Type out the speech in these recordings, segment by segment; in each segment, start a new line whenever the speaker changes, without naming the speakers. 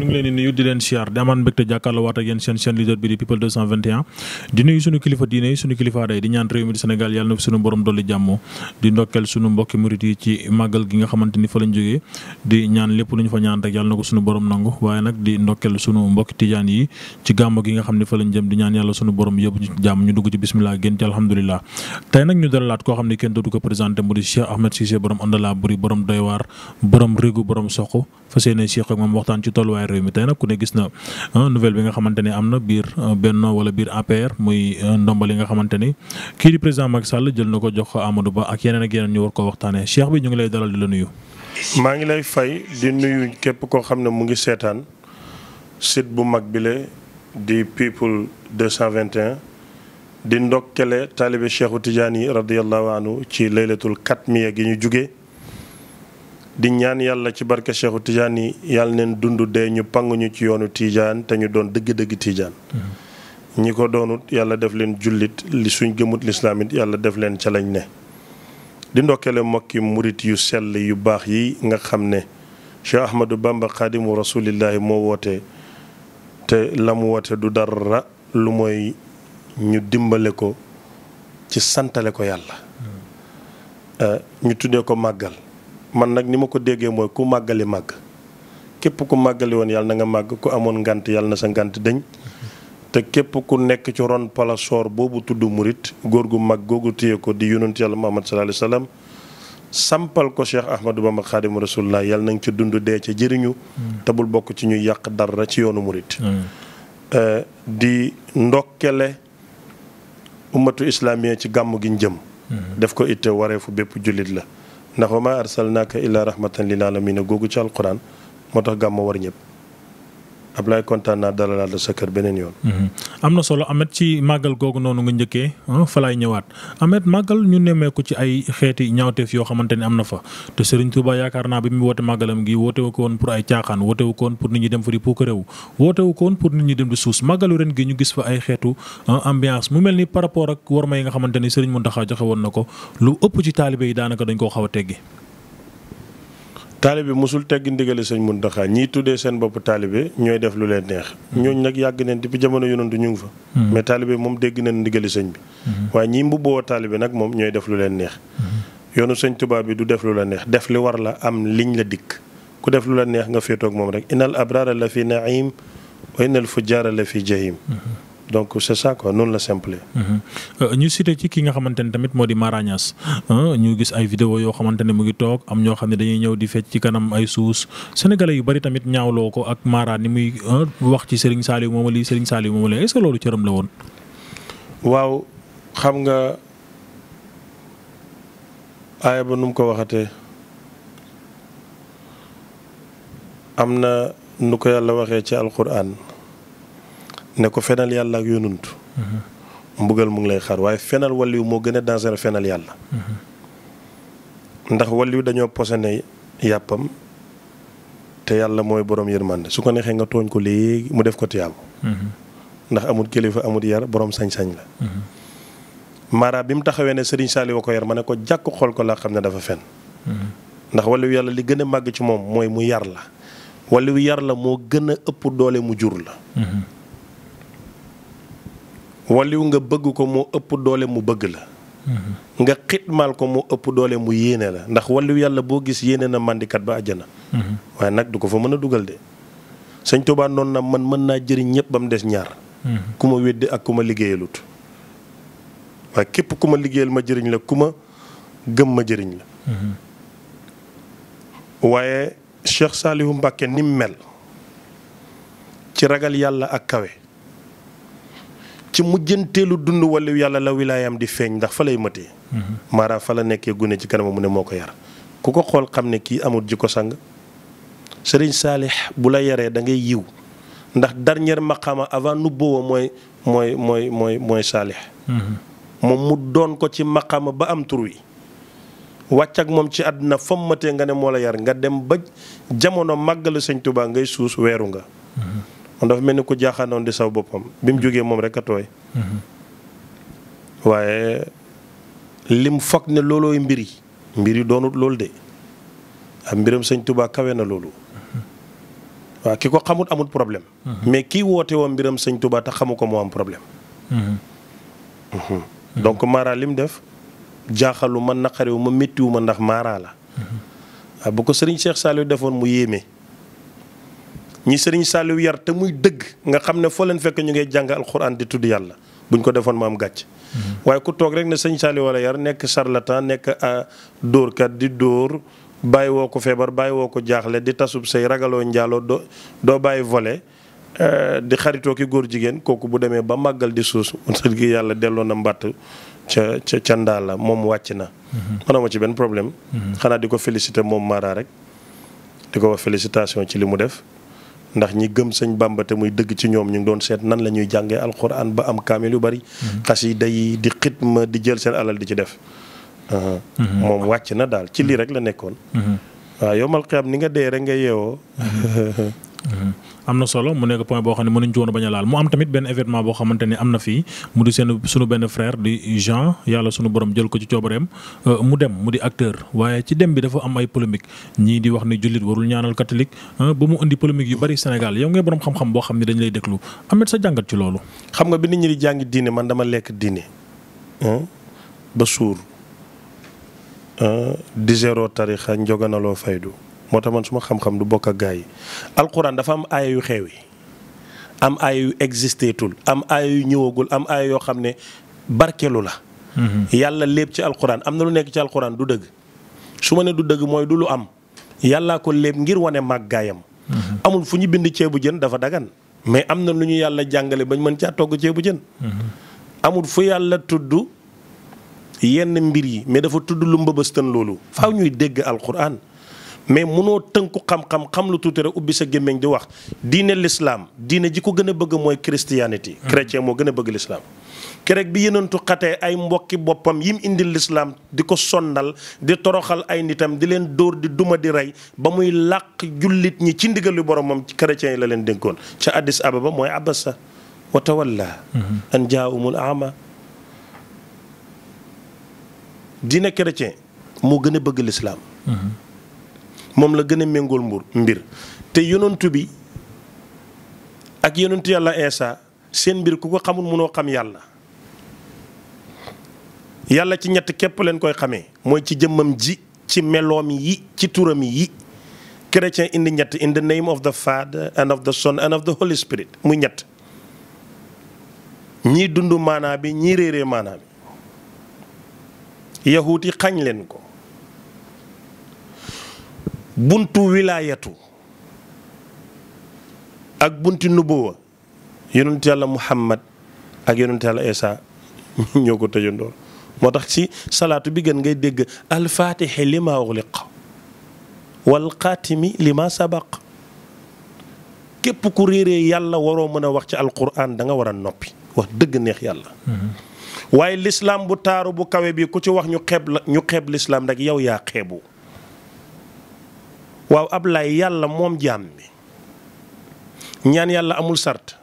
ñu ngi leen di nuyu di leen siyaar di amaan mbégte jàkkaarloo waat ak seen seen leader bi di people di nuyu suñu kilifa diine yi suñu kilifa aada di ñaan réew mi di Sénégal yàlla na fi suñu borom dolli jàmm di ndokkeel suñu mbokki murit yi ci màggal gi nga xamante ni fa lañ jógee di ñaan lépp lu fa ñaan rek yàlla na ko suñu borom nangu waaye nag di ndokkeel suñu mbokki tijaan yi ci gàmm gi nga xam ne fa lañ jëm di ñaan yàlla suñu borom yëpp jàmm ñu dugg ci bismillah ne kenn dootu ko présenté mu di Cheikh réew mi tey nag ku ne gis na ah, nouvelle bi nga xamante ni am na biir ah, Benno wala biir APR muy ah, ndomba li nga xamante ni kii di président mag Sall jël na ko jox ko Ba ak yeneen ak yeneen ñu war ko waxtaane Cheikh bi ñu ngi lay dalal di la nuyu.
maa ngi lay fay di nuyu képp koo xam ne mu ngi seetaan site bu mag bile di people 221 di ndokkele taalibe Cheikhu Tidiane yi radiyallahu anhu ci laylatul katmiya gi ñu jugee. di ñaan yàlla ci barke Cheikhu Tidiane yi yàlla neen dundu dee ñu panguñu ci yoonu Tidiane te ñu doon dëgg-dëgg Tidiane.
Mm-hmm.
ñi ko doonut yàlla def leen jullit li suñ gëmut lislaam yàlla def leen ca lañ ne. di ndokkele mokki murit yu sell yu baax yi nga xam ne Cheikh Ahmadou Bamba xaadimu rasulillahi moo woote te la mu woote du dara lu mooy ñu dimbale ko ci santale ko yàlla. Mm-hmm. Euh, ñu tuddee ko màggal. man nag ni ma ko déggee mooy ku màggali màgg képp ku màggali woon yàlla na nga màgg ku amoon ngant yàlla na sa ngant dëñ te képp ku nekk ci ron palasoor boobu tudd murit góor gu mag googu téye ko di yonent yàlla Muhammad sallallahu alayhi wasallam sampal ko Cheikh Ahmadou Bamba Xaadimu Rasulullah yàlla na nga ci dund dee ca jariñu mm. tabul bokk ci ñuy yàq dara ci yoonu murit mm. eh, di ndokkele ummatu islaamiya ci gàmm gi ñu jëm mm. def ko it wareefu bépp jullit la ndax wa maa li naa rahmatan lil aalamiina googu ci alquran moo tax gàmmu war ñëpp ab Ablaye kontaan naa dalalaat la sa kër beneen yoon. Mhm.
am na solo Ameth ci màggal googu noonu nga njëkkee ah, fa laay ñëwaat Ameth màggal ñu nemmeeku ci ay xeeti ñaawteef yoo xamante ne am na fa te Serigne Touba yaakaar naa bi mu woote màggalam gi woote wu ko woon pour ay caaxaan woote ko woon pour nit ñi dem fa di puukareewu woote wu ko woon pour nit ñi dem di suus màggalu ren gi ñu gis fa ay xeetu ah, ambiance mu mel ni par rapport ak worma yi nga xamante ne Serigne Mountakha joxe woon na ko lu ëpp ci taalibe yi daanaka dañ koo xaw a
taalibe mosul teggi ndigale sëñ mun Muntaxa ñii tuddee seen bopp taalibe ñooy def lu leen neex ñooñ nag yàgg neen depuis jamono yonantu ñu ngi fa hmm. mais taalibe moom dégg neen ndigale sëñ bi hmm. waaye ñii mbubboo taalibe nag moom ñooy def lu leen neex hmm. yoonu sëñ tubaab bi du def lu la neex def li war la am liñ la dikk ku def lu la neex nga féetoog moom rek inal abrara la fi naim wa inal fujjaara la fi jahim donc c' est ça quoi noonu la simple.
Euh, ñu cité ci ki nga xamante ne tamit moo di Mara Niass euh, ñu gis ay vidéo yoo xamante ne mu ngi toog am ñoo xam ne dañuy ñëw di fecc ci kanam ay suus sénégalais yu bari tamit ñaawloo ko ak Mara ni muy euh, wax ci Serigne Saliou moom lii Serigne Saliou moom lii est ce que loolu cëram la woon. waaw xam nga aaya ba nu mu ko waxatee
am na nu ko yàlla waxee ci alquran. ne ko fenal yàlla ak yonuntu mbugal mu ngi lay xaar waaye fenal waliw moo gën a dangereux fenal yàlla ndax waliw dañoo posone yàppam te yàlla mooy borom yërmande su ko neexee nga tooñ ko léegi mu def ko tiyaabu ndax amul kilifa amut yar boroom sañ-sañ la maara bi mu taxawee ne Serigne Saliou wa ko yar ma ne ko jàkk xool ko laa xam ne dafa fen ndax waliw yàlla li gën a màgg ci moom mooy mu yar la waliw yar la moo gën a ëpp doole mu jur la waliw nga bëgg ko moo ëpp doole mu bëgg la
mm-hmm.
nga xitmaal ko moo ëpp doole mu yéene la ndax waliw yàlla boo gis yéene na màndikat ba àjjana mm-hmm. waaye nag du ko fa mën a dugal de sëñ Tuubaa noonu na man mën naa jëriñ ñëpp ba mu des ñaar mm-hmm. ku ma ak ku ma liggéeyalut waaye képp ku ma liggéeyal ma jëriñ la ku ma gëm ma jëriñ la waaye Cheikh Saliou Mbacke ni mel ci ragal yàlla ak kawe ci mujjanteelu dund wala yàlla la wilaayam di feeñ ndax fa lay mëtee. Mhm. maanaam fa la nekkee gune ci kanam mu ne moo ko yar ku ko xool xam ne kii amul ji ko sàng sëriñ Saalix bu la yaree da ngay yiw ndax dernier maqaama avant nubuwa mooy mooy mooy mooy mooy Saalix. Mhm. moom mu doon ko ci maqaama ba am tur wi wàcc ak moom ci àdduna fa mu mëtee nga ne moo la yar nga dem ba jamono màggalu sëñ Tuubaa ngay suus weeru nga. Mhm. moom dafa mel ni ku jaaxaanoon di saw boppam bi mu jógee moom rek a tooy. waaye lim foog ne loolooy mbir yi mbir yi doonut loolu de ak mbiram sëñ tubaa kawe na loolu. waa ki ko xamut amut problème. mais kii woote woon mbiram sañ tubaa te xamu ko moo am problème. donc Mara lim def jaaxalu ma naqariwu ma méttiwu ma ndax Mara la. bu ko sëriñ Cheikh Saliou defoon mu yéeme. ñi sëriñ Saliou yar te muy dëgg nga xam ne foo leen fekk ñu ngi jàng alxuraan di tudd yàlla buñ ko defoon ma gàcc mhm. waaye ku toog rek ne sëñ Saliou wala yar nekk charlatan nekk a ah, dóorkat di dóor bàyyi woo ko feebar bàyyi woo ko jaaxle di tasub say ragaloo njaaloo doo doo bàyyi vole eh, di xaritoo ki góor jigéen kooku bu demee ba màggal di suus sët gi yàlla delloo na mbàtt ca ca ca ndaa la moom wàcc na mhm. manama ci benn problème mhm. xanaa di ko féliciter moom Mara rek di ko wax ci li mu def ndax ñi gëm sëñ Bàmba te muy dëgg ci ñoom ñu ngi doon seet nan la ñuy jàngee alxuraan ba am kaamil yu bari. Mhm. xas yi day di ma di jël seen alal di ci def. Uh-huh. Mhm. moom wàcc na daal ci lii mhm. rek la nekkoon. waaw yow mal ni nga dee rek nga yeewoo.
Euh, am na solo mu nekk point boo xam ne mënuñ ci woon bañ a laal mu am tamit benn événement boo xamante ne am na fii mu di seen sunu benn frère di Jean yàlla sunu borom jël ko ci coobareem euh, mu dem mu di acteur waaye ci dem bi dafa am ay polémique ñii di wax ni jullit warul ñaanal catholique ba mu indi polémique yu bari Sénégal yow ngay borom xam-xam boo xam ne dañ lay lu amet sa jàngat ci loolu. xam nga bi nit ñi di jàngi diine man dama lekk diine
ba di zéro tarixa njoganaloo faydu moo tax man suma xam-xam du bokk ak gaa yi alxuraan dafa am aaya yu xeewi am aaya yu existeetul am aaya yu ñëwagul am aaya yoo xam ne barkelu la. Mhm. yàlla lépp ci alxuraan am na lu nekk ci alxuraan du dëgg su ma ne du dëgg mooy du lu am yàlla ko lépp ngir wane màggaayam. Mhm. amul fu ñu bind ceebu jën dafa dagan mais am na lu ñu yàlla jàngale bañ mën caa togg ceebu jën. Mhm. amul fu yàlla tudd yenn mbir yi mais dafa tudd lu mbëbëstan loolu faaw ñuy dégg alxuraan. mais munoo tënku xam-xam xam lu tuuti rek ubbi sa gémmiñ di wax diine lislaam diine ji ko gën a bëgg mooy christianity hmm. chrétien moo gën a bëgg lislaam bi yenentu xatee ay mbokki boppam yim indil lislaam di ko sondal di toroxal ay nitam di leen dóor di duma di rey ba muy làq jullit ñi ci ndigalu boromam ci chrétien yi la leen dénkoon ca addis ababa mooy abasa wa tawalla hmm. an jaahumul ama diine chrétien moo gën a bëgg lislaam hmm. moom la gën a méngool mbur mbir te yonantu bi ak yonantu yàlla Iisaa seen mbir ku ko xamul mënoo xam yàlla yàlla ci ñett képp leen koy xamee mooy ci jëmmam ji ci meloom yi ci turam yi chrétien indi ñett in the name of the father and of the son and of the holy spirit muy ñett ñii dund maanaa bi ñii réeree maanaa bi yahuut yi xañ leen ko buntu wilaayatu ak bunti nubuwa yonent yàlla muhammad ak yonent yàlla ko tëjandoon moo tax ci salaatu bi gën ngay dégg alfaatixi li ma uxliq wal xaatimi sabaq képp ku réeree yàlla waroo mën a wax ci alquran da nga war noppi wax dëgg neex yàlla mm-hmm. waaye lislaam bu taaru bu kawe bi ku ci wax ñu xeeb la lislaam rek yow yaa xeebu waaw ab Ablaye yàlla moom jaam bi ñaan yàlla amul sart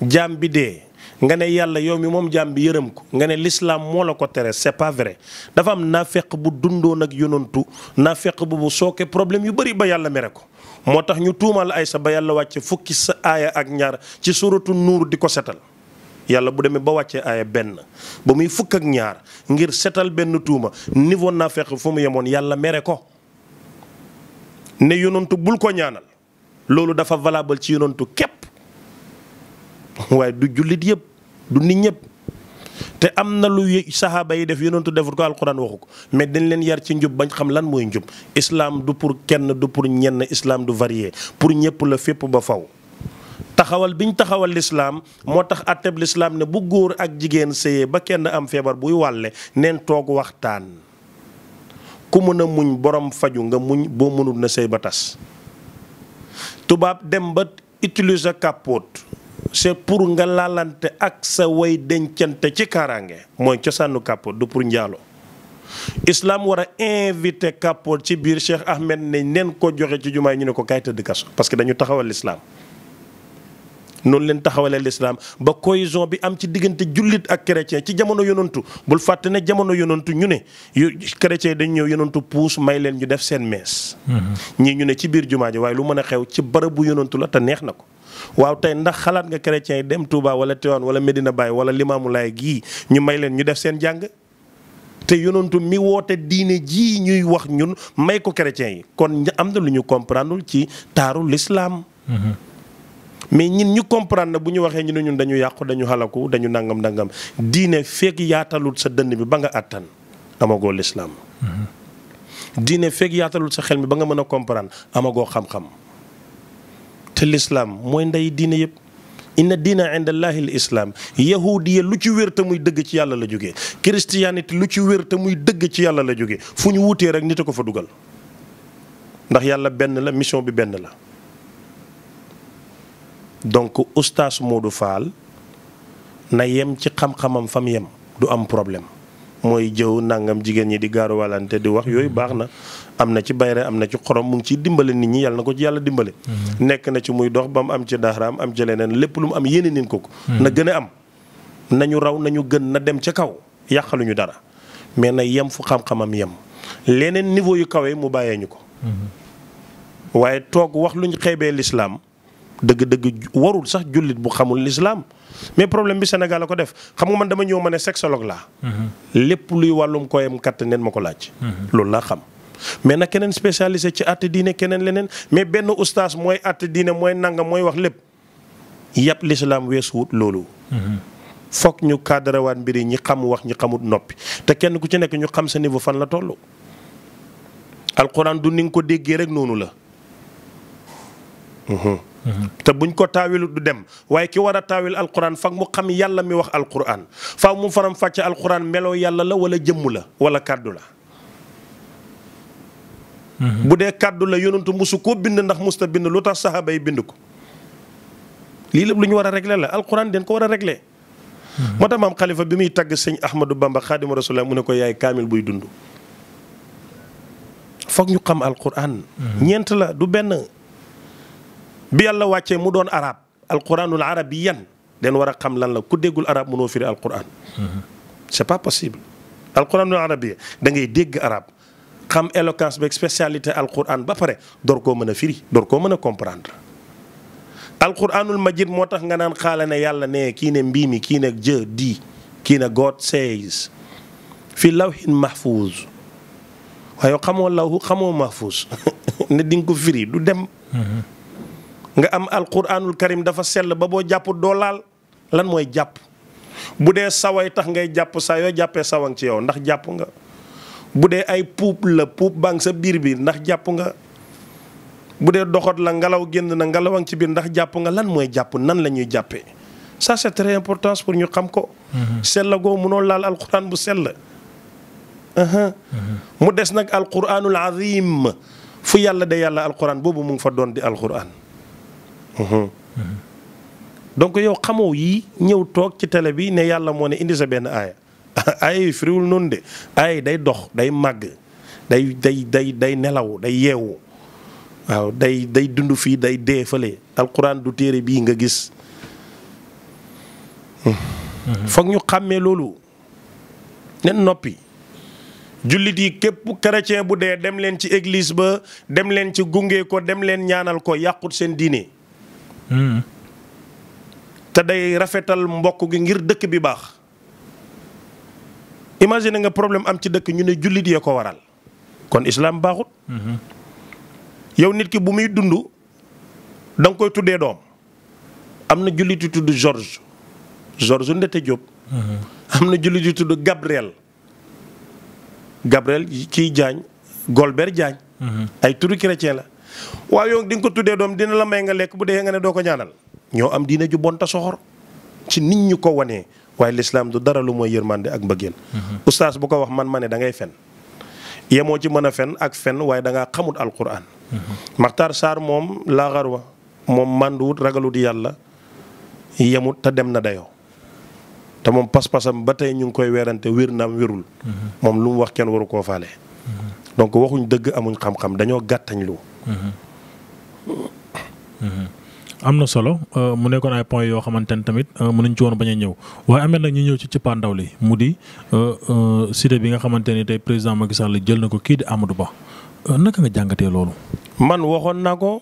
jaam bi dee nga ne yàlla yow mi moom jaam bi yërëm ko nga ne lislaam moo la ko tere c'est pas vrai dafa am naafeq bu dundoon ak yonantu naafeq bu bu sooke problème yu bari ba yàlla mere ko moo tax ñu tuumaal Aysa ba yàlla wàcce fukki sa aaya ak ñaar ci suuratu nuur di ko setal yàlla bu demee ba wàccee aaya benn ba muy fukk ak ñaar ngir setal benn tuuma niveau naafeq fu mu yemoon yàlla mere ko ne yonantu bul ko ñaanal loolu dafa valable ci yonantu képp waaye du jullit yëpp du nit ñëpp te am na lu saxaaba yi def yonantu defut ko alxuraan waxu ko mais dañ leen yar ci njub bañ xam lan mooy njub islaam du pour kenn du pour ñenn islaam du varier pour ñëpp la fépp ba faw taxawal biñ taxawal lislaam moo tax àtteb lislaam ne bu góor ak jigéen séyee ba kenn am feebar buy wàlle neen toog waxtaan ku mën a muñ borom faju nga muñ boo mënul na sëy ba tas tubaab dem ba utiliser capote c'est pour nga laalante ak sa way dencante ci kaaraange mooy cosaanu capote du pour njaalo islam war a invité capote ci biir Cheikh Ahmed ne neen ko joxe ci jumaay ñu ne ko kaay tëdd kaso parce que dañu taxawal l'islam noonu leen taxawalee lislaam ba cohésion bi am ci diggante jullit ak chrétien ci jamono yonantu bul fàtte ne jamono yonantu ñu ne yu chrétien dañ ñëw yonantu puus may leen ñu def seen mees. Mhm. ñii ñu ne ci biir jumaa ji waaye lu mën a xew ci bërëbu yonantu la te neex na ko. waaw tey ndax xalaat nga chrétien yi dem Touba wala Tivaouane wala Medina Baye wala Limaamu Laay gii ñu may leen ñu def seen jàng. te yonantu mi woote diine jii ñuy wax ñun may ko chrétien yi kon am na lu ñu comprendre ci taaru l'islam. Mhm. mais ñin ñu comprendre na bu ñu waxee ñu ne ñun dañu yàqu dañu xalaku dañu nangam nangam diine fekk yaatalul sa dënn bi ba nga àttan amagoo lislaam hmm. diine fekk yaatalul sa xel mi ba nga mën a comprendre amagoo xam-xam te lislaam mooy ndey diine yëpp inna diina inda allahi l islaam yahudiya lu ci wér te muy dëgg ci yàlla la jóge christianité lu ci wér te muy dëgg ci yàlla la jóge fu ñu wutee rek nit a ko fa dugal ndax yàlla benn la mission bi benn la donc oustaz du Fall na yem ci xam-xamam fam yem du am problème mooy jëw nangam jigéen ñi di gaaruwalante di wax yooyu baax na am na ci bayre am na ci xorom mu ngi ciy dimbale nit ñi yàlla na ko ci yàlla dimbali mhm. nekk na ci muy dox ba mu am ci daaraam am ci leneen lépp lu mu am yéene nin ko ko mhm. na gën a am nañu raw nañu gën na dem ca kaw yàqaluñu dara mais na yem fu xam-xamam yem leneen niveau yu kawee mu bàyyee ñu ko mhm. waaye toog wax luñ xeebee lislaam dëgg-dëgg warul sax jullit bu xamul lislaam mais problème bi Sénégal a ko def xam nga man dama ñëw ma ne sexologue laa. Mm-hmm. lépp luy wàllum koyam kattan neen ma ko laaj. Mm-hmm. loolu laa xam. mais nag keneen spécialisé ci àtte diine keneen leneen mais benn ustaas mooy àtte diine mooy nanga mooy wax lépp yàpp lislaam weesu wut loolu. Mm-hmm. foog ñu cadrewaat mbir yi ñi xam wax ñi xamut noppi te kenn ku ci nekk ñu xam sa niveau fan la toll. alxuraan du ni nga ko déggee rek noonu la. te buñ ko taawilu du dem waaye ki war a taawil alquran fag mu xam yàlla mi wax alquran faaw mu faram fàcce alquran meloo yàlla la wala jëmm la wala kàddu la. Mhm. bu dee kàddu la yonantu musu ko bind ndax musta bind lu tax saxaaba yi bind ko. lii lépp lu ñu war a régler la alquran den ko war a régler. Mhm. moo tax maam xalifa bi muy tagg sëñ Ahmadou Bamba xaadimu rasulillah mu ne ko yaay kaamil buy dund. foog ñu xam alquran. Mhm. ñeent la du benn. bi yàlla wàccee mu doon arab alquranul arabiyan den war a xam lan la ku déggul arab mënoo firi alquran. Mm-hmm. c'est pas possible alquranul arabiyan da ngay dégg arab xam éloquence beeg spécialité alquran ba pare door koo mën a firi door koo mën a comprendre. alquranul majid moo tax nga naan xaale ne yàlla ne kii ne mbii mi kii ne jë di kii ne God says fi lawhin mahfuz waaye xamoo lawhu xamoo mahfuz ne di firi du dem. Mm-hmm. nga am alquranul karim dafa sell ba boo jàpp doo laal lan mooy jàpp bu dee saway tax ngay jàpp saa yoo jàppee sawan ci yow ndax jàpp nga bu dee ay puub la puub baa sa biir bi ndax jàpp nga bu dee doxot la ngelaw génn na ngelaw a ngi ci biir ndax jàpp nga lan mooy jàpp nan lañuy jàppee ça c'est très important pour ñu xam ko. Mm-hmm. sell goo mënoo laal alquran bu sell. Uh-huh. Mm-hmm. mu des nag alquranul azim fu yàlla de yàlla alquran boobu mu ngi fa doon di alquran.
Mm-hmm.
donc yow xamoo yi ñëw toog ci tele bi ne yàlla moo ne indi sa benn aaya aaya firiwul noonu de aaya day dox day màgg day day day day nelaw day yeewu waaw day day dund fii day dee fële alxuraan du téere bii nga gis mm-hmm. foog ñu xàmmee loolu nen noppi jullit yi képp chrétien bu dee dem leen ci église ba dem leen ci gunge ko dem leen ñaanal ko yàqut seen diine Hmm. te day rafetal mbokk gi ngir dëkk bi baax imagine nga problème am ci dëkk ñu ne jullit yee ko waral kon islaam baaxut hmm. yow nit ki bu muy dund da koy tuddee doom am na jullit yu tudd George George Ndete Diop hmm. am na jullit yu tudd Gabriel Gabriel ci Diagne Golbert Diagne ay turu chrétien la waaye yow di nga ko tuddee doom dina la may nga lekk bu dee nga ne doo ko ñaanal ñoo am diine ju bonta soxor ci nit ñu ko wanee waaye lislaam du dara lu mooy yërmande ak mbëggeel oustaz mhm. bu ko wax man ma ne da ngay fen yemoo ci mën a fen ak fen waaye da ngaa xamut alquran mhm. maxtaar saar moom laa wa moom mànduwut ragalut yàlla yemut te dem na dayoo te moom pas-pasam ba tey ñu ngi koy weerante wér naam wérul mhm. moom lu mu wax kenn waru koo faale donc waxuñ dëgg amuñ xam dañoo gàttañ
am na solo euh, mu nekkoon ay points yoo xamante ne tamit euh, mënuñ ci woon bañ a ñëw waaye amee nag ñu ñëw ci cëppaandaw li mu di euh, cité bi nga xamante ni tey président Macky la jël na ko kii di Amadou Ba naka nga jàngatee loolu. man waxoon naa
ko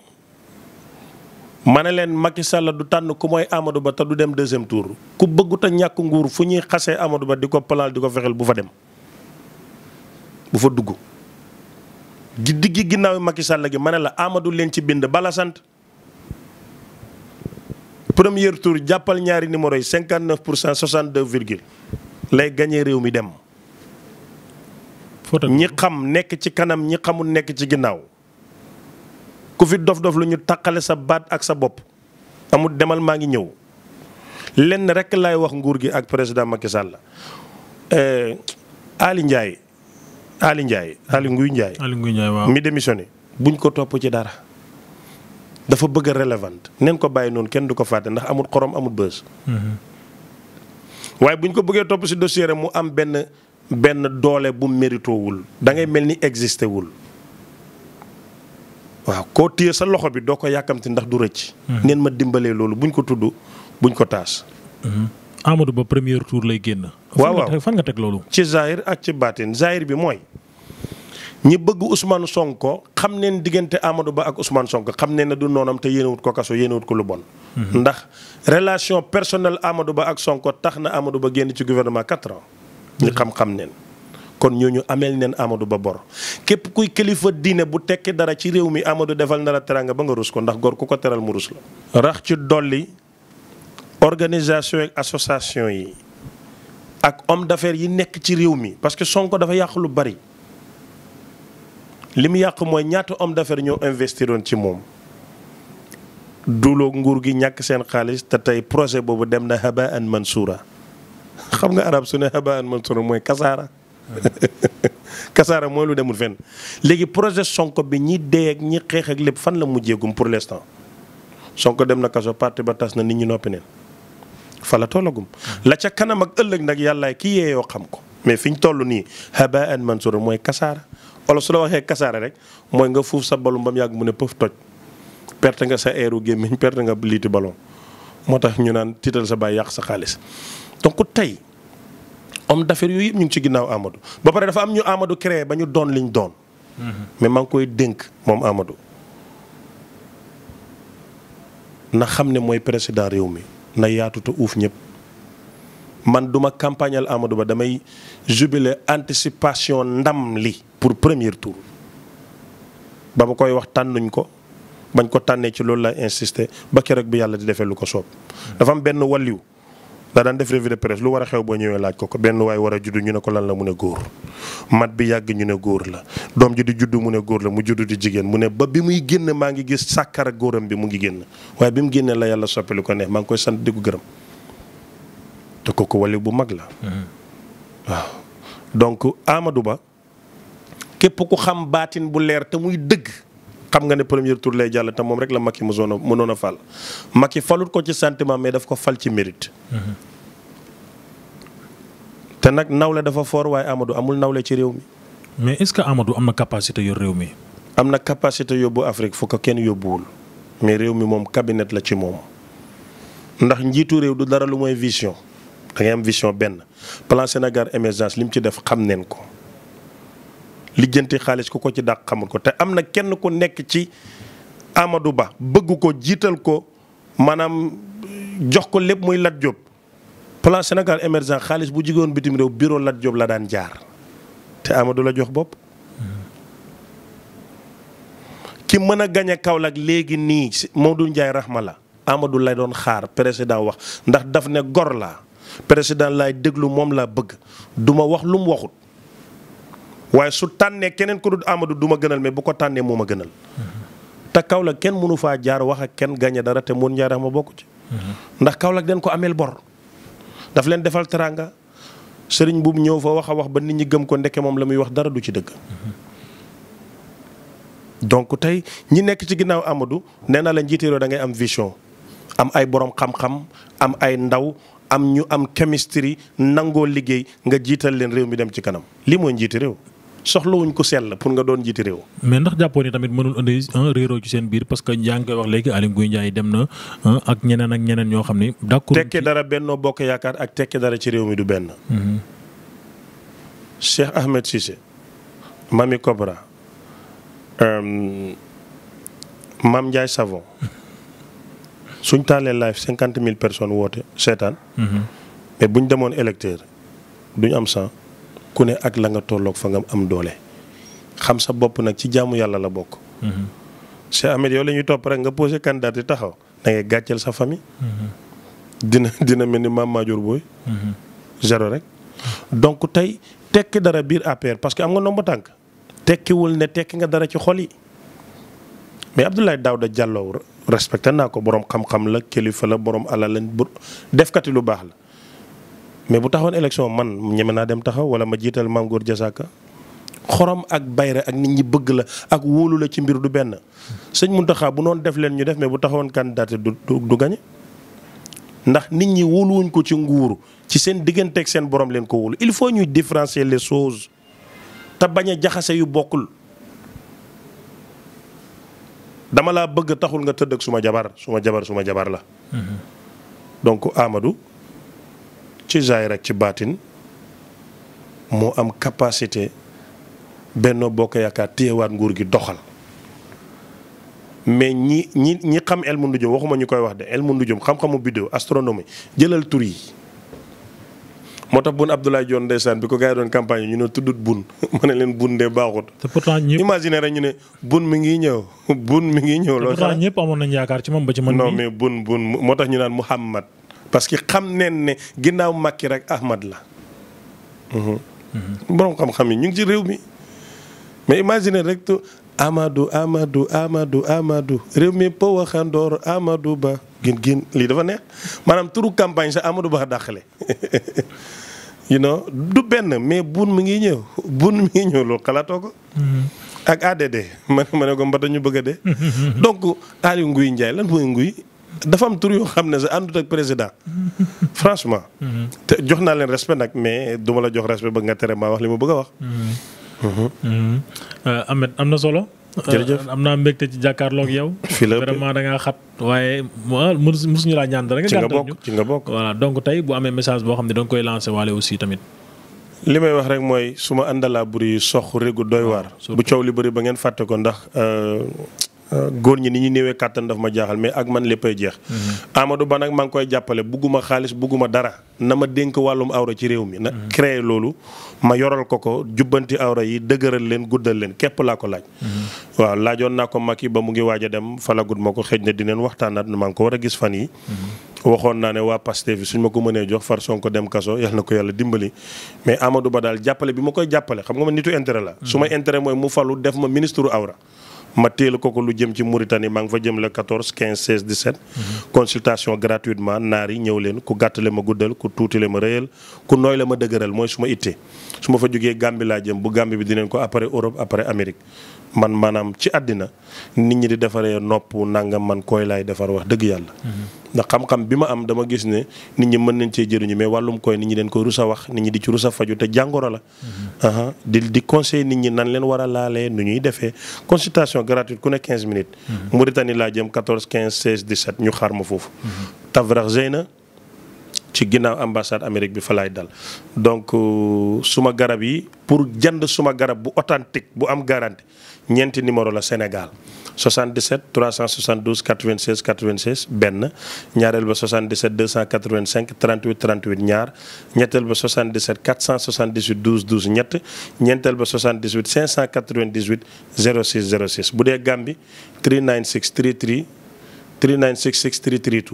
ma ne leen Macky Sall du tànn ku mooy Amadou Ba te du dem deuxième tour ku bëggut a ñàkk nguur fu ñuy xasee Amadou Ba di ko palaal di ko fexeel bu fa dem bu fa dugg. gi diggi ginnaaw Macky Sall gi ma la Amadou leen ci bind bala sant premier tour jàppal ñaari numéro yi 59 pour cent 62 virgule lay gagné réew mi dem. ñi xam nekk ci kanam ñi xamul nekk ci ginnaaw ku fi dof-dof lu ñu taqale sa baat ak sa bopp amul demal maa ngi ñëw lenn rek lay wax nguur gi ak président Macky Sall eh, Ali Ndiaye Ali Ndiaye Ali Nguy Ndiaye.
Ali Nguy Ndiaye waaw
buñ ko topp ci dara dafa bëgg a relevant neen ko bàyyi noonu kenn du ko fàtte ndax amul xorom amul bës. Mm-hmm. waaye buñ ko bëggee topp si dossier mu am benn benn doole bu méritowul da ngay mel ni existé wul. waaw koo téye sa loxo bi doo ko yàkkamti ndax du rëcc. Mm-hmm. neen ma dimbalee loolu buñ ko tudd buñ ko taas.
Mm-hmm. Amadou Ba premier tour lay génn. waaw waaw fan nga teg loolu.
ci Zahir ak ci Batin Zahir bi mooy ñi bëgg Ousmane Sonko xam neen diggante Amadou Ba ak Ousmane Sonko xam neen ne du noonam te yéenewut ko kaso yéenewut ko lu bon. Mhm. ndax relation personnel Amadou Ba ak Sonko tax na amadu Ba génn ci gouvernement 4 ans. ñu mhm. xam-xam neen kon ñoo ñu ameel neen Amadou Ba bor képp kuy kilifa diine bu tekki dara ci réew mi Amadou defal na la teranga ba nga rus ko ndax gor ku ko teral mu rus la. organisation ak association yi ak homme d'affaires yi nekk ci réew mi parce que Sonko dafa yàq lu bari li mu yàq mooy ñaata homme d'affaires ñoo investiroon ci moom duuloo nguur gi ñàkk seen xaalis te tey projet boobu dem na haba an mansoura xam nga arab su ne haba an mansoura mooy kasaara kasaara mooy lu demul fenn léegi projet sonk bi ñi dee ak ñi xeex ak lépp fan la mujjeegum pour l'instant sonk dem na kaso parti ba tas na nit ñu noppi neen fa la mm-hmm. la ca kanam ak ëllëg nag yàllaay ki yeeyoo xam ko mais fi ñu toll nii habaan mansura mooy kasaara wala su la waxee kasaara rek mooy nga fuuf sa ballon ba mu yàgg mu ne pëf toj perte nga sa eeru gémmiñ perte nga liiti ballon moo tax ñu naan tiital sa baay yàq sa xaalis donc tey om d'affaires yooyu yëpp ñu ngi ci ginnaaw Amadou ba pare dafa am ñu Amadou créé ba ñu doon liñ doon mm-hmm. mais maa ngi koy dénk moom amadu na xam ne mooy président réew mi na yaatu uuf ñëpp man duma campagnal Amadou Ba damay jubilé anticipation ndam li pour première tour ba ma koy wax tànnuñ ko bañ ko tànnee ci loolu lay insister ba keroog bi yàlla di defee lu ko soob dafa am benn walliw daa daan def revue de presse lu war a xew boo ñëwee laaj ko ko benn waay war a judd ñu ne ko lan la mu ne góor mat bi yàgg ñu ne góor la doom ji di judd mu ne góor la mu judd di jigéen mu ne ba bi muy génn maa ngi gis sàkkar ak góoram bi mu ngi génn waaye bi mu génne la yàlla soppi lu ko neex maa ngi koy sant di ko gërëm te ko wali bu mag la mm-hmm. waaw donc Amadou Ba képp ku xam baatin bu leer te muy dëgg xam nga ne premier tour lay jàll te moom rek la Macky mosoon a mënoon a fal Macky falut ko ci sentiment mais daf ko fal ci mérite. Mm-hmm. te nag nawle dafa foor waaye Amadou amul nawle ci réew mi.
mais est-ce que Amadou am na capacité yoo réew mi.
am na capacité yóbbu Afrique fu ko kenn yóbbuwul mais réew mi moom cabinet la ci moom ndax njiitu réew du dara lu mooy vision da ngay am vision benn plan Sénégal émergence li mu ci def xam neen ko. lijjanti xaalis ku ko ci dàq xamul ko te am na kenn ku nekk ci amadu Ba bëgg ko jiital ko maanaam jox ko lépp muy Lat Diop plan Sénégal émergent xaalis bu jigéen bitim réew bureau Lat Diop la daan jaar te Amadou la jox bopp. ki mën a gañ a Kaolack léegi nii si Maodo Ndiaye raxma la Amadou lay doon xaar président wax ndax daf ne gor laa président laay déglu moom laa bëgg duma wax lu mu waxut. waaye su tànnee keneen ku dul Amadou du gënal mais bu ko tànnee moo ma gënal. te Kaolack kenn mënu faa jaar wax ak kenn gañe dara te mun njaarax ma bokk ci. ndax Kaolack den ko ameel bor. daf leen defal teranga sëriñ buubu ñëw fa wax a wax ba nit ñi gëm ko ndekke moom la muy wax dara du ci dëgg. donc tey ñi nekk ci ginnaaw amadu nee naa la njiité da ngay am vision am ay boroom xam-xam am ay ndaw. am ñu am chemistry nangoo liggéey nga jiital leen réew mi dem ci kanam lii mooy njiiti réew soxlawuñ ko sell pour nga doon jiiti réew.
mais ndax jàppoon ni tamit mënul indi réeroo ci seen biir parce que yaa ngi koy wax léegi Aly Ngouille dem na ak ñeneen ak ñeneen ñoo xam ne. d'accord
tekki dara Benno Bokk Yaakaar ak tekki dara ci réew mi du benn. Mhm. Cheikh Ahmed Cissé Mami Cobra euh, Mam Ndiaye Savon suñ taalee live cinquante mille personnes woote seetaan. Mhm. mais buñ demoon électeur duñ am cent. ku ne ak la nga tolloog fa nga am doole xam sa bopp nag ci jaamu yàlla la bokk. Mm-hmm. Cheikh Ahmed yow la ñuy topp rek nga posé candidat taxaw da ngay gàcceel sa famille. Mm-hmm. dina dina mel ni maam Maajoor booy. Mm-hmm. zéro rek donc tey tekki dara biir APR parce que am nga nomba tànk tekkiwul ne tekki nga dara ci xol yi mais Abdoulaye da Diallo respecté naa ko borom xam-xam la kilifa la borom alal la defkati lu baax la. mais bu taxawoon élection man ñeme naa dem taxaw wala ma jiital maam Góor Jasaaka xorom ak bayre ak nit ñi bëgg la ak wóolu la ci mbir du benn sëñ Mountakha bu noon def leen ñu def mais bu taxawoon candidat du du gañe ndax nit ñi wóoluwuñ ko ci nguur ci seen diggante ak seen borom leen ko wóolu il faut ñuy différencier les choses te bañ a jaxase yu bokkul dama la bëgg taxul nga tëdd ak suma jabar suma jabar suma jabar la mm-hmm. donc Amadou ci zaahir ak ci baatin moo am capacité Benno Bokk Yaakaar téyewaat nguur gi doxal mais ñi ñi xam elmu ndujum waxuma ñu koy wax de elmu ndujum xam-xamu biddew astronomie jëlal tur yi moo tax bun Abdoulaye Dione ndeysaan bi ko gars yi doon campagne ñu ne tuddut bun ma ne leen bun de baaxut. te pourtant ñëpp rek ñu ne bun mi ngi ñëw bun mi ngi ñëw. loolu sax te
pourtant moom ba ci man. mais
bun bun moo tax ñu naan Muhammad parce que xam neen ne ginnaaw Macky rek Ahmad la. Mhm. borom xam-xam yi ñu ngi ci réew mi mais imagine rek Amadou Amadou Amadou Amadou réew mi po waxandoor Amadou Ba gin gin lii dafa neex maanaam turu campagne sax Amadou Ba dàqale you know du benn mais buun mi ngi ñëw buun mi ngi ñëw loolu xalaatoo ko. Mhm. ak ADD man ma ne ko mbata ñu bëgg a dee. donc Aliou Nguy Ndiaye lan mooy Nguy. dafa am tur yoo xam ne sa àndut ak président franchement. Mhm. te jox naa leen respect nag mais duma la jox respect ba nga tere maa wax li ma bëgg a wax.
Mhm.
Mhm. Euh, Ahmed am na solo. Euh, jërëjëf am naa mbégte ci jàkkaarloog fii la vraiment da ngaa xat waaye mu ah, mosuñu laa ñaan dara. ci nga bokk ci nga bokk voilà donc tey bu amee message boo xam ne da nga koy lancé waale aussi tamit.
li may wax rek mooy
su ma àndalaa buri
sox régu doy ah, waar. bu coow li bëri ba ngeen fàtte ko ndax. Euh, góor ñi ni ñu newee kàttan daf ma jaaxal mais ak man léppay jeex. Mm-hmm. Amadou Ba nag maa ngi koy jàppale bugguma xaalis bugguma dara na ma dénk wàllum awra ci réew mi. na mm-hmm. créé loolu ma yoral ko ko jubbanti awra yi dëgëral leen guddal leen képp laa ko laaj. Mm-hmm. waaw laajoon naa ko Macky ba mu ngi waaja a dem falagut ma ko xëj na dineen waxtaanaat maa ngi ko war a gis fan yi waxoon naa ne waa Pastef suñ ma ko mënee jox far Sonko dem kaso yal na ko yàlla dimbali mais Amadou Ba daal jàppale bi ma koy jàppale xam nga ma nitu intérêt la. su ma intérêt mooy mu falu def ma ministre awra ma téel ko ko lu jëm ci Mauritanie maa ngi fa jëm la le 14 15 16 17. consultation gratuitement naar yi ñëw leen ku gàttale ma guddal ku tuutale ma rëyal ku nooy la ma dëgëral mooy su ma ittee su ma fa jógee Gambie laa jëm bu Gambie bi dinañ ko après Europe après Amérique man maanaam ci àddina nit ñi di defaree nopp nangam man koy laay defar wax dëgg yàlla. ndax xam-xam bi ma am dama gis ne nit ñi mën nañ cee jëriñu mais wàllum koy nit ñi leen ko rusa wax nit ñi di ci rusa faju te jàngoro la. Mhm. di di conseil nit ñi nan leen war a laalee nu ñuy defee consultation gratuite ku ne 15 minutes. Mhm. Mauritanie laa jëm 14 15 16 17 ñu xaar ma foofu. Mhm. Tavrax na ci ginnaaw ambassade Amérique bi fa laay dal donc euh, suma garab yi pour jënd suma garab bu authentique bu am garanti ñeenti numéro la Sénégal 77 372 96 96 benn ñaareel ba 77 285 38 38 ñaar ñetteel ba 77 478 12 12 ñett ñeenteel ba 78 598 06 06 bu dee Gambie 396 33 396 6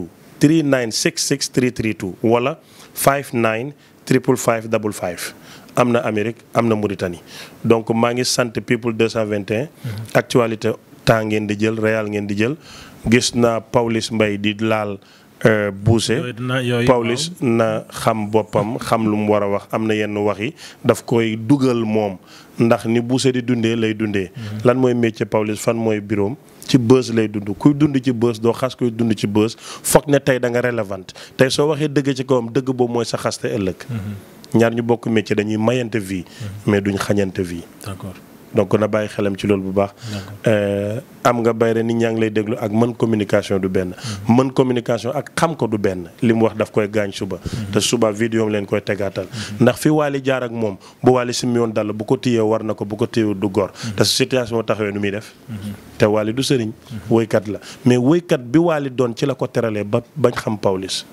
332 3966332 wala 59 555 55 am na Amérique am na Mauritanie donc maa ngi sant people 221. actualité temps ngeen di jël réal ngeen di jël gis naa Pawlish mbay di laal. Uh, buuse Pawlish na xam boppam xam lu mu war a wax am na yenn wax yi daf koy dugal moom ndax ni buuse di dundee lay dundee. Mhm. lan mooy métier Pawlish fan mooy biroom ci bës lay dund kuy dund ci bës doo xas kuy dund ci bës foog ne tey danga nga relevant tey soo waxee dëgg ci kawam dëgg boobu mooy sa xaste ëllëg mhm. ñaar ñu bokk métier dañuy mayante vie mhm. mais du duñ xañante vie d'accord donc na bàyyi xelam ci loolu bu baax. Euh, am nga bayre nit ñaa ngi lay déglu ak mën communication du benn. Hmm. mën communication ak xam ko du benn li mu wax daf koy gaañ suba. Hmm. te suba vidéo leen koy tegaatal. Hmm. ndax fi Wally jaar ak moom bu Wally summi woon dal bu ko téyee war na ko bu ko téyewul du gor. te situation taxawee nu muy def. te Wally du sëriñ. woykat la mais woykat bi Wally doon ci la ko teralee ba bañ xam Pawlish.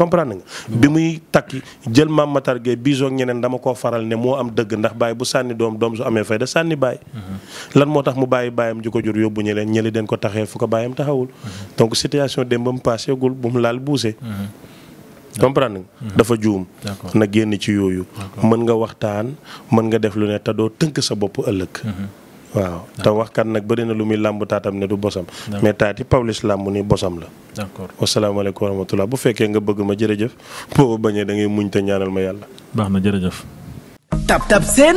comprendre nga. bi muy takki jël maam Matar Gueye biso ak ñeneen dama koo faral ne moo am dëgg ndax baay bu sànni doom doom su amee fayda sànni baay. Mhm. lan moo tax mu bàyyi baayam ji ko jur yóbbu ñi leen ñëli den ko taxee fu ko baayam taxawul. Mhm. donc situation dem ba mu paasee gul bu mu laal buuse. Mhm. comprendre nga dafa juum na génn ci yooyu mën nga waxtaan mën nga def lu ne te doo tënk sa bopp ëllëg waaw te waxkat nag bëri na lu muy làmb taatam ne du bosam. mais taati Pawlish làmb ni bosam la. d' accord wasalaamaaleykum wa bu fekkee nga bëgg ma jërëjëf boo bañee da ngay muñ te ñaanal ma yàlla. baax na jërëjëf.
tab tab seen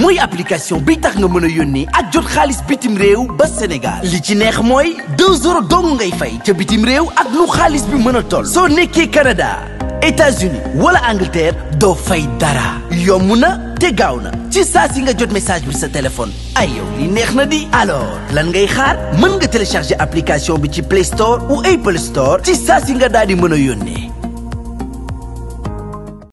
mooy application bi tax nga mën a yónnee ak jot xaalis bitim réew ba senegal li ci neex mooy 2 euros dong ngay fay ca bitim réew ak lu xaalis bi mën a toll. soo nekkee Canada. États-Unis wala Angleterre doo fay dara yomb na te gaaw na ci saa si nga jot message bi sa téléphone ay yow li neex na di alors lan ngay xaar mën nga télécharger application bi ci Play Store ou Apple Store ci saa si nga daal di mën a yónnee.